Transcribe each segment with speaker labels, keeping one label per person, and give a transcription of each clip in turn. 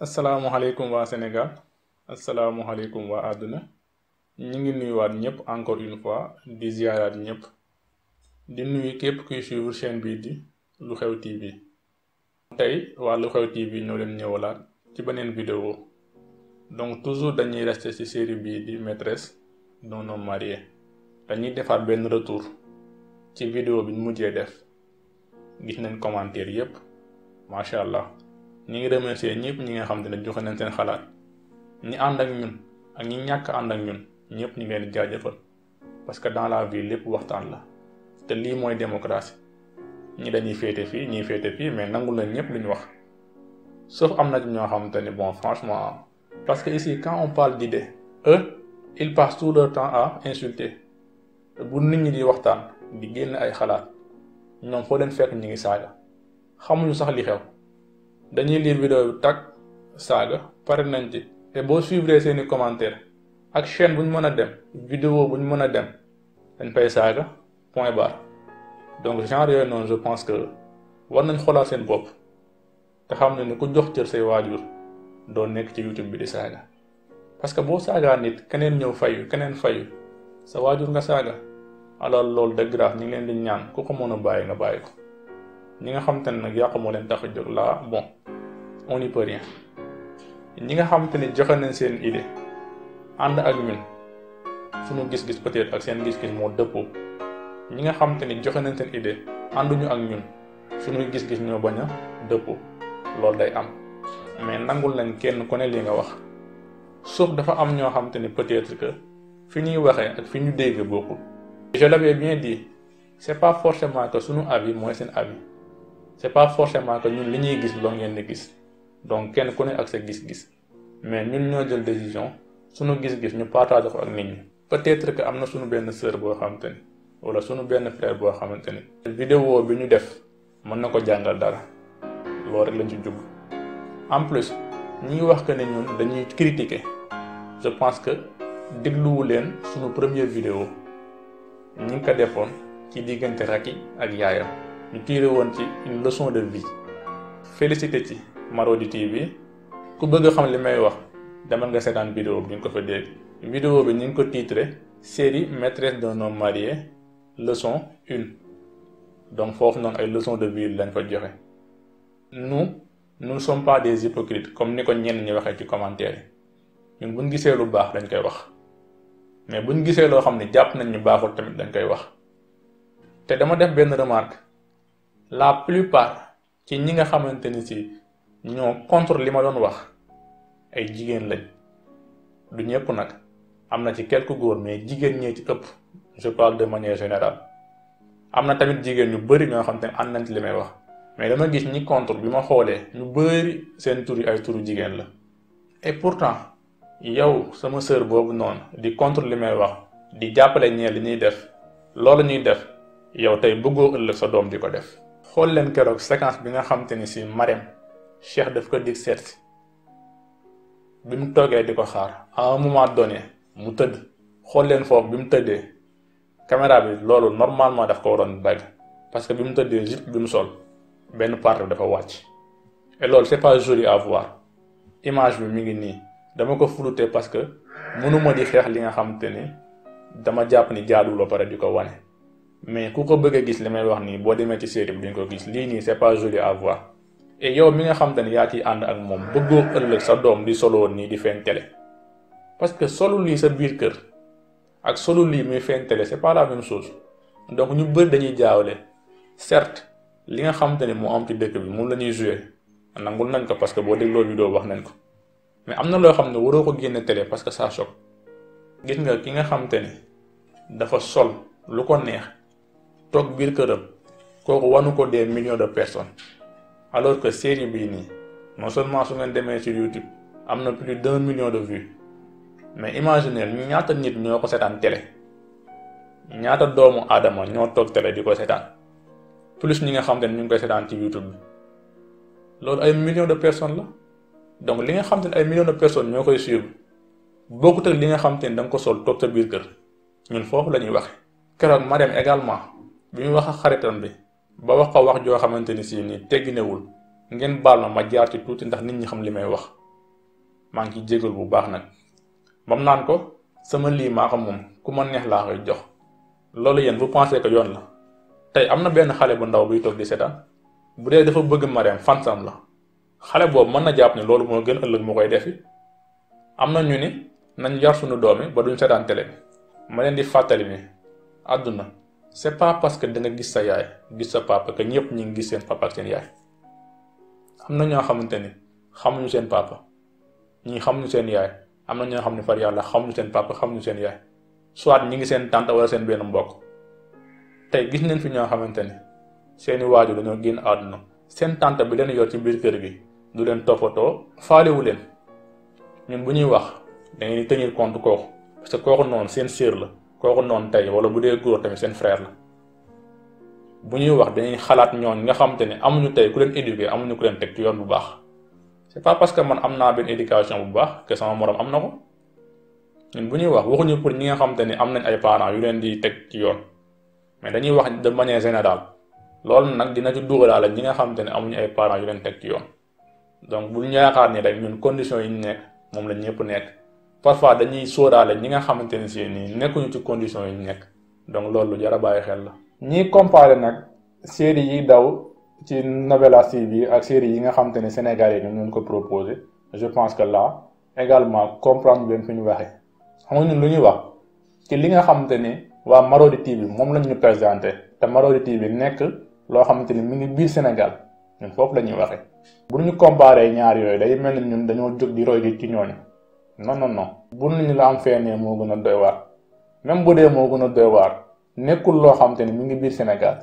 Speaker 1: asalaamualeykum waa Sénégal asalaamualeykum waa àdduna ñu ngi nuyuwaat ñëpp encore une fois di ziaraat ñëpp di nuyu képp kuy suivre chaîne biir di lu xew TV tey waa lu xew TV ñoo leen ñëwalaat ci beneen vidéo donc toujours dañuy rester ci série bii di maîtresse d'un homme dañuy defaat benn retour ci vidéo bi ñu mujjee def gis nañ commentaire yépp macha allah. ñi ngi remercier ñëpp ñi nga xam te ne joxe nañ seen xalaat ñi ànd ak ñun ak ñi ñàkk ànd ak ñun ñëpp ñu ngi leen di jaajëfal parce que dans la vie lépp waxtaan la te lii mooy démocratie ñi dañuy féete fii ñuy féete fii mais nangu leen ñëpp lu ñu wax sauf am na ñoo xam te ne bon franchement parce que ici quand on parle d'idée eux il passent tout leur temps à insulter bu nit ñi di waxtaan di génn ay xalaat ñoom foo leen fekk ñu ngi saaga xamuñu sax li dañuy lire vidéo bi tag saaga pare nañ ci te boo suivre seeni commentaire ak chaîne bu mën a dem vidéo bu mën a dem dañ fay saaga point barre donc genre yooyu noonu je pense que war nañ xoolaat seen bopp te xam ne ni ku jox cër say waajur doo nekk ci youtube bi di saaga parce que boo saagaa nit keneen ñëw fayu keneen fayu sa waajur nga saaga alors loolu de grave ñi ngi leen di ñaan ku ko mën a bàyyi nga bàyyi ko ñi nga xam te ne nag yàq moo leen tax a laa bon on n'y peut rien ñi nga xamante ne joxe nañ seen idée ànd ak ñun suñu gis-gis peut ak seen gis-gis moo dëppoo ñi nga xamante ni joxe nañ seen idée ànduñu ak ñun suñuy gis-gis ñoo bañ a dëppoo loolu day am mais nangul nañ kenn ku ne li nga wax suuf dafa am ñoo xamante ni peut-être que fi ñuy waxee ak fi ñu dégg bokkul. je l'avais bien dit c'est pas forcément que suñu avis mooy seen avis c'est pas forcément que ñun li ñuy gis loo ngeen di gis. donc kenn ku ne ak sa gis-gis mais ñun ñoo jël décision suñu gis-gis ñu partage ko ak nit ñi peut-être que am na suñu benn sœur boo xamante ni wala suñu benn frère boo xamante ni vidéo bi ñu def mën na ko jàngal dara loolu rek lañ ci jug en plus ñi wax que ne ñun dañuy critiquer je pense que digluwu leen suñu première vidéo ñi ngi ko defoon ci diggante Racky ak yaayam ñu tiire woon ci une leçon de vie félicité ci Marodi TV ku bëgg a xam li may wax demal nga seetaan vidéo bi ñu ko fa dégg vidéo bi ñu ngi ko titré série maîtresse d'un homme marié leçon une donc foofu noonu ay leçon de vie lañ fa joxe nu nu ne pas des hypocrites comme ni ko ñenn ñi waxee ci commentaire yi ñun buñ gisee lu baax dañ koy wax mais buñ gisee loo xam ne jàpp nañ ñu baaxul tamit dañ koy wax te dama def benn remarque la plupart ci ñi nga xamante ni si ñoo contre li ma doon wax ay jigéen lañ du ñëpp nag am na ci quelques góor mais jigéen ñee ci ëpp je parle de manière générale am na tamit jigéen ñu bëri ñoo xam te ne ànd nañ ci li may wax mais dama gis ñi contre bi ma xoolee ñu bëri seen tur yi ay turu jigéen la et pourtant yow sama sœur boobu noonu di contre li may wax di jàppale ñee li ñuy def loolu ñuy def yow tey bëggoo ëllëg sa doom di ko def xool leen keroog séquence bi nga xam te ni si Marème Cheikh daf ko dig seet si bi mu toogee di ko xaar à un moment donné mu tëdd xool leen foofu bi mu tëddee caméra bi loolu normalement daf ko waroon bàyyi parce que bi mu tëddee jupe bi mu sol benn part bi dafa wàcc et lool c'est pas joli à voir image bi mu ngi nii dama ko flouté parce que mënuma di xeex li nga xam te ni dama jàpp ni jaadul ba pare di ko wane mais ku ko bëgg a gis li may wax nii boo demee ci série bi duñ ko gis lii nii c'est pas joli à voir et yow mi nga xam te yaa ciy ànd ak moom bëggoo ëllëg sa doom di soloo nii di feeñ télé parce que solo lii sa biir kër ak solo lii muy feeñ télé c'est pas la même chose donc ñu bëri dañuy jaawale certes li nga xam te ne moo am ci dëkk bi moom la ñuy joué nangul nañ ko parce que boo dégloo vidéo wax nañ ko mais am na loo xam ne waroo ko génne télé parce que ça choc gis nga ki nga xam ne dafa sol lu ko neex toog biir këram kooku wanu ko des millions de personne alors que série bii nii non seulement su ngeen demee sur YouTube am na plus d'un million de vues mais imaginez ñaata nit ñoo ko seetaan télé ñaata doomu aadama ñoo toog télé di ko seetaan plus ñi nga xam ne ñu ngi koy seetaan ci YouTube bi loolu ay millions de personne la donc li nga xamte ne ay millions de personnes ñoo koy suivre bokkut ak li nga xam ni ne da nga ko sol toog sa biir kër ñun foofu la ñuy waxe ma Marème également bi muy wax ak xaritam bi. ba wax ko wax joo xamante ni si nii tegginewul ngeen baal ma ma jaar ci tuuti ndax nit ñi xam li may wax maa ngi ciy jégal bu baax nag bam naan ko sama lii maa ko moom ku ma neex laa koy jox loolu yéen bu pensez que yoon la tey am na benn xale bu ndaw buy toog di seetaan bu dee dafa bëgg Mariam fansam la xale boobu mën na jàpp ne loolu moo gën ëllëg moo koy defi am na ñu ni nañ yar sunu doom yi ba duñ seetaan télé ma leen di fàttali ni àdduna c'est pas parce que da nga gis sa yaay gis sa papa que ñëpp ñu ngi gis seen papa ak seen yaay am na ñoo xamante ni xamuñu seen papa ñii xamuñu seen yaay am na ñoo xam ne far yàlla xamuñu seen papa xamuñu seen yaay soit ñi ngi seen tante wala seen benn mbokk tey gis nañ fi ñoo xamante ni seeni waajur dañoo génn àdduna seen tante bi leen yor ci biir kër gi du leen toppatoo faalewu leen ñun bu ñuy wax da ngeen di tenir compte kooku parce kooku noonu seen séer la. kooku noonu tey wala bu dee góor tamit seen frère la bu ñuy wax dañuy xalaat ñooñ nga xam te ne amuñu tey ku leen éduqué amuñu ku leen teg ci yoon bu baax c'est pas parce que man am naa benn éducation bu baax que sama morom am na ko ñun bu ñuy wax waxuñu pour ñi nga xam ni am nañ ay parents yu leen di teg ci yoon mais dañuy wax de manière général loolu nag dina ci dugalaale ñi nga xam te ne amuñu ay parents yu leen teg ci yoon donc bu ñu yaakaar rek ñun conditions yi ñu nekk moom la ñëpp nekk. parfois dañuy sóoraale ñi nga xamante ne si nii nekkuñu ci condition yi ñu nekk donc loolu jar bàyyi xel la. ñii comparé nag série yi daw ci Novela bi ak série yi nga xamante ne Sénégal yi ñoom ñoo ko proposé je pense que là également comprendre leen fi ñu waxee xam nga ñun lu ñuy wax ci li nga xamante ne waa Marodi TV moom lañ ñu présenté te Marodi TV nekk loo xamante ni mu ngi biir Sénégal ñun foofu la ñuy waxee. bu ñu comparé ñaar yooyu day mel ni ñun dañoo jóg di roy di ci ñooñu. non non non bu nit ñu la am feenee moo gën a doy waar même bu dee moo gën a doy waar nekkul loo xam te ni mu ngi biir Sénégal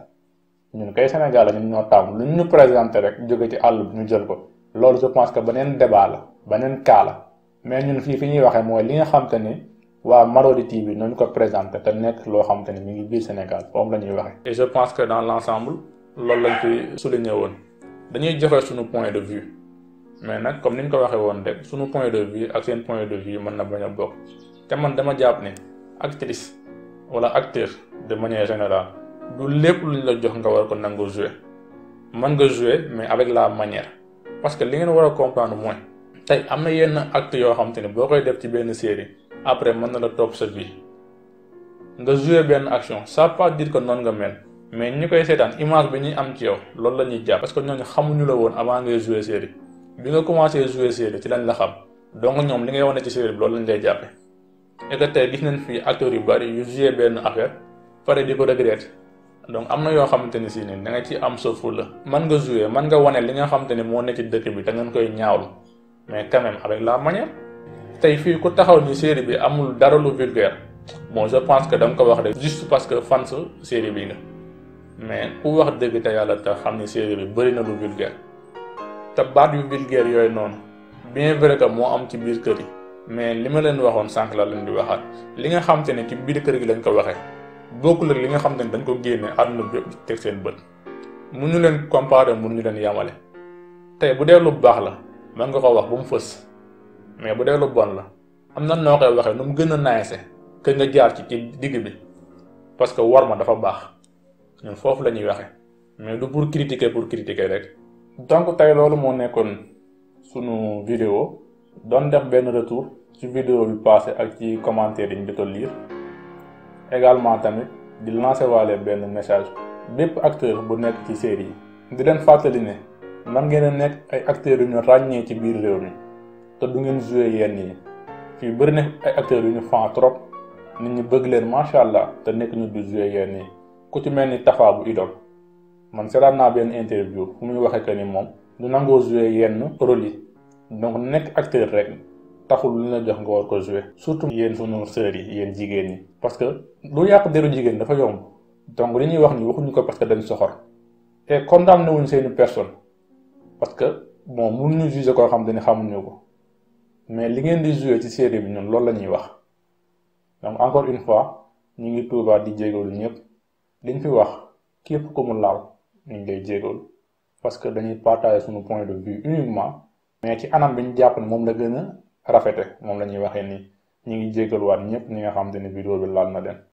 Speaker 1: ñun kay Sénégal la ñun ñoo taamu lu ñu présenter rek jóge ci àll bi ñu jël ko loolu je pense que beneen débat la beneen cas la mais ñun fii fi ñuy waxee mooy li nga xam te ni waa Marodi TV noonu ko présenter te nekk loo xam te ni mu ngi biir Sénégal moom la ñuy waxee. et je pense que dans l' ensemble loolu lañ fi souligné woon dañuy joxe suñu point de vue. mais nag comme ni ñu ko waxee woon rek suñu point de vue ak seen point de vue mën na bañ a bokk te man dama jàpp ne actrice wala acteur de manière générale du lépp lu luñ la jox nga war ko nangu jouer mën nga jouer mais avec la manière parce que li ngeen war a comprendre mooy tey am na yenn acte yoo xam te ne boo koy def ci benn série après mën na la topp sa vie nga jouer benn action ça pas dire que noonu nga mel mais ñi koy seetaan image bi ñuy am ci yow loolu la ñuy jàpp parce que ñooñu xamuñu la woon avant ngay jouer série bi nga commencé jouer bi ci lañ la xam donc ñoom li ngay wane ci série bi loolu lañ lay jàppe et que tey gis nañ fii acteurs yu bari yu joué benn affaire pare di ko regretter donc am na yoo xamante ni si ne da nga ci am sa la man nga jouer man nga wane li nga xamante ni moo nekk ci dëkk bi te ngeen koy ñaawlu mais quand même avec la manière tey fii ku taxaw ni série bi amul dara lu vulgaire bon je pense que da ko wax rek juste parce que fan sa série bi nga mais ku wax dëgg te yàlla tax xam ni série bi bëri na lu vulgaire te baat yu vulgaire yooyu noonu bien vrai moo am ci biir kër yi mais li ma leen waxoon sànq la leen di waxaat li nga xam te ne ci biir kër gi lañ ko waxee bokkul ak li nga xam te ne dañ ko génne àdduna bi teg seen bët mun ñu leen comparer mun ñu leen yamale tey bu dee lu baax la mën nga ko wax bu mu fës mais bu dee lu bon la am na noo koy waxee nu mu gën a naayse que nga jaar ci ci digg bi parce que war ma dafa baax ñun foofu la ñuy waxee mais du pour critiquer pour critiquer rek. donc tey loolu moo nekkoon sunu vidéo doon def benn retour ci vidéo bi passé ak ci commentaire yi ñu jot a lire également tamit di lancer waale benn message bépp acteur bu nekk ci série yi di leen fàttali ne man ngeen nekk ay acteurs yu ñu ràññee ci biir réew mi te du ngeen joué yenn yi fii bëri na ay acteurs yu ñu fan trop nit ñi bëgg leen macha allah te nekk ñu du joué yenn yi ku ci mel ni Tafa bu idol man seetaan naa benn interview fu muy waxee que ni moom du nangoo joué yenn rôle yi donc nekk acteur rek taxul lu la jox nga war ko joué surtout yéen sunu sœurs yi yéen jigéen ñi parce que lu yàq deru jigéen dafa yomb donc li ñuy wax ni waxuñu ko parce que dañ soxor te condamné wuñ seeni personne parce que bon mënuñu juger koo xam te ni xamuñu ko mais li ngeen di joué ci série bi ñun loolu la ñuy wax donc encore une fois ñu ngi tuubaat di jégalu ñëpp liñ fi wax ki yëpp ko mu laal ñu ngi lay jégalu parce que dañuy partager suñu point de vue uniquement mais ci anam bi ñu jàpp ne moom la gën a rafete moom la ñuy waxee nii ñu ngi jégaluwaat ñëpp ñi nga xam te ne vidéo bi laal na leen